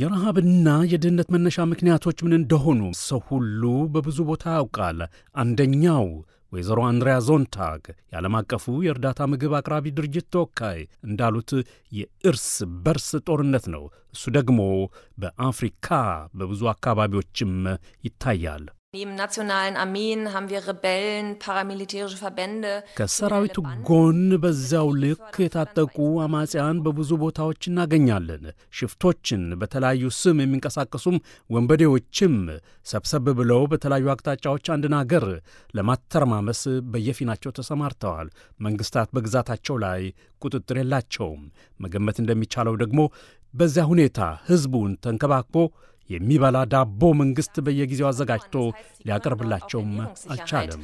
የረሃብና የድህነት መነሻ ምክንያቶች ምን እንደሆኑ ሰው ሁሉ በብዙ ቦታ ያውቃል። አንደኛው ወይዘሮ አንድሪያ ዞንታግ የዓለም አቀፉ የእርዳታ ምግብ አቅራቢ ድርጅት ተወካይ እንዳሉት የእርስ በርስ ጦርነት ነው። እሱ ደግሞ በአፍሪካ በብዙ አካባቢዎችም ይታያል። ከሰራዊቱ ጎን በዚያው ልክ የታጠቁ አማጽያን በብዙ ቦታዎች እናገኛለን። ሽፍቶችን በተለያዩ ስም የሚንቀሳቀሱም ወንበዴዎችም ሰብሰብ ብለው በተለያዩ አቅጣጫዎች አንድን አገር ለማተርማመስ በየፊናቸው ተሰማርተዋል። መንግስታት በግዛታቸው ላይ ቁጥጥር የላቸውም። መገመት እንደሚቻለው ደግሞ በዚያ ሁኔታ ህዝቡን ተንከባክቦ የሚበላ ዳቦ መንግስት በየጊዜው አዘጋጅቶ ሊያቀርብላቸውም አልቻለም።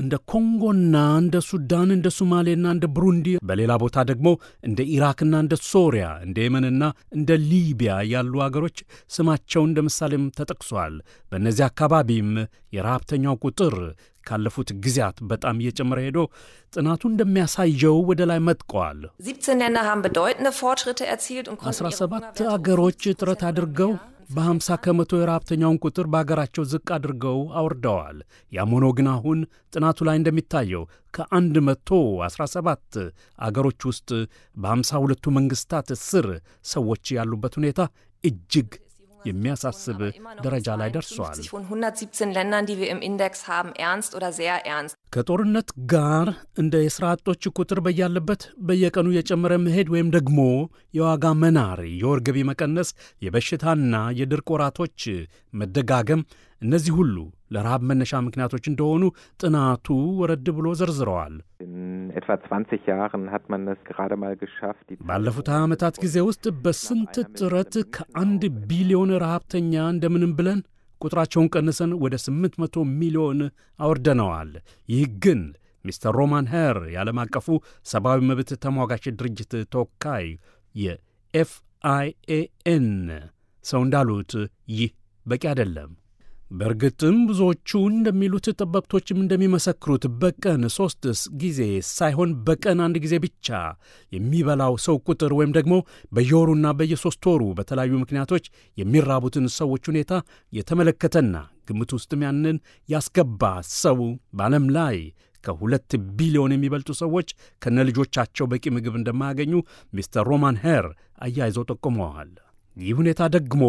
እንደ ኮንጎና እንደ ሱዳን እንደ ሶማሌና እንደ ብሩንዲ በሌላ ቦታ ደግሞ እንደ ኢራክና እንደ ሶሪያ እንደ የመንና እንደ ሊቢያ ያሉ አገሮች ስማቸው እንደ ምሳሌም ተጠቅሷል። በእነዚህ አካባቢም የረሃብተኛው ቁጥር ካለፉት ጊዜያት በጣም እየጨመረ ሄዶ ጥናቱ እንደሚያሳየው ወደ ላይ መጥቀዋል። አስራ ሰባት አገሮች ጥረት አድርገው በ50 ከመቶ የረሃብተኛውን ቁጥር በአገራቸው ዝቅ አድርገው አውርደዋል። ያም ሆኖ ግን አሁን ጥናቱ ላይ እንደሚታየው ከ117 አገሮች ውስጥ በ52ቱ መንግሥታት ስር ሰዎች ያሉበት ሁኔታ እጅግ የሚያሳስብ ደረጃ ላይ ደርሷል። ከጦርነት ጋር እንደ የስራ አጦች ቁጥር በያለበት በየቀኑ የጨመረ መሄድ ወይም ደግሞ የዋጋ መናር፣ የወር ገቢ መቀነስ፣ የበሽታና የድርቅ ወራቶች መደጋገም እነዚህ ሁሉ ለረሃብ መነሻ ምክንያቶች እንደሆኑ ጥናቱ ወረድ ብሎ ዘርዝረዋል። ባለፉት ሃያ ዓመታት ጊዜ ውስጥ በስንት ጥረት ከአንድ ቢሊዮን ረሃብተኛ እንደምንም ብለን ቁጥራቸውን ቀንሰን ወደ 800 ሚሊዮን አወርደነዋል። ይህ ግን ሚስተር ሮማን ሄር የዓለም አቀፉ ሰብአዊ መብት ተሟጋች ድርጅት ተወካይ የኤፍአይኤኤን ሰው እንዳሉት ይህ በቂ አይደለም። በእርግጥም ብዙዎቹ እንደሚሉት ጠበብቶችም እንደሚመሰክሩት በቀን ሦስት ጊዜ ሳይሆን በቀን አንድ ጊዜ ብቻ የሚበላው ሰው ቁጥር ወይም ደግሞ በየወሩና በየሦስት ወሩ በተለያዩ ምክንያቶች የሚራቡትን ሰዎች ሁኔታ የተመለከተና ግምት ውስጥም ያንን ያስገባ ሰው በዓለም ላይ ከሁለት ቢሊዮን የሚበልጡ ሰዎች ከነ ልጆቻቸው በቂ ምግብ እንደማያገኙ ሚስተር ሮማን ሄር አያይዘው ጠቁመዋል። ይህ ሁኔታ ደግሞ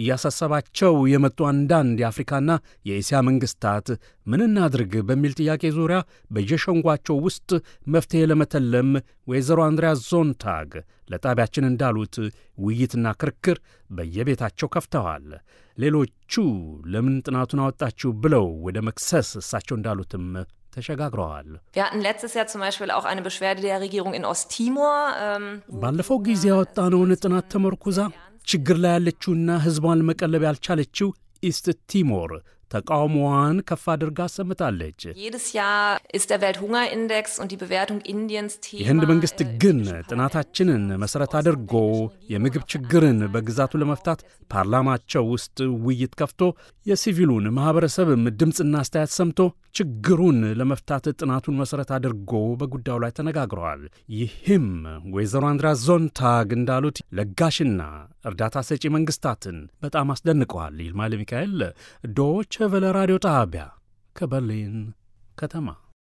እያሳሰባቸው የመጡ አንዳንድ የአፍሪካና የእስያ መንግስታት ምን እናድርግ በሚል ጥያቄ ዙሪያ በየሸንጓቸው ውስጥ መፍትሔ ለመተለም ወይዘሮ አንድሪያ ዞንታግ ለጣቢያችን እንዳሉት ውይይትና ክርክር በየቤታቸው ከፍተዋል። ሌሎቹ ለምን ጥናቱን አወጣችሁ ብለው ወደ መክሰስ እሳቸው እንዳሉትም ተሸጋግረዋል። ähm, ባለፈው ጊዜ ያወጣነውን ጥናት ተመርኩዛ ችግር ላይ ያለችውና ሕዝቧን መቀለብ ያልቻለችው ኢስት ቲሞር ተቃውሞዋን ከፍ አድርጋ አሰምታለች። የህንድ መንግሥት äh, ግን ጥናታችንን መሠረት አድርጎ የምግብ ችግርን በግዛቱ ለመፍታት ፓርላማቸው ውስጥ ውይይት ከፍቶ የሲቪሉን ማኅበረሰብም ድምፅና አስተያየት ሰምቶ ችግሩን ለመፍታት ጥናቱን መሠረት አድርጎ በጉዳዩ ላይ ተነጋግረዋል። ይህም ወይዘሮ አንድራ ዞንታግ እንዳሉት ለጋሽና እርዳታ ሰጪ መንግሥታትን በጣም አስደንቀዋል። ይልማል ሚካኤል ዶች ዶቸቨለ ራዲዮ ጣቢያ ከበርሊን ከተማ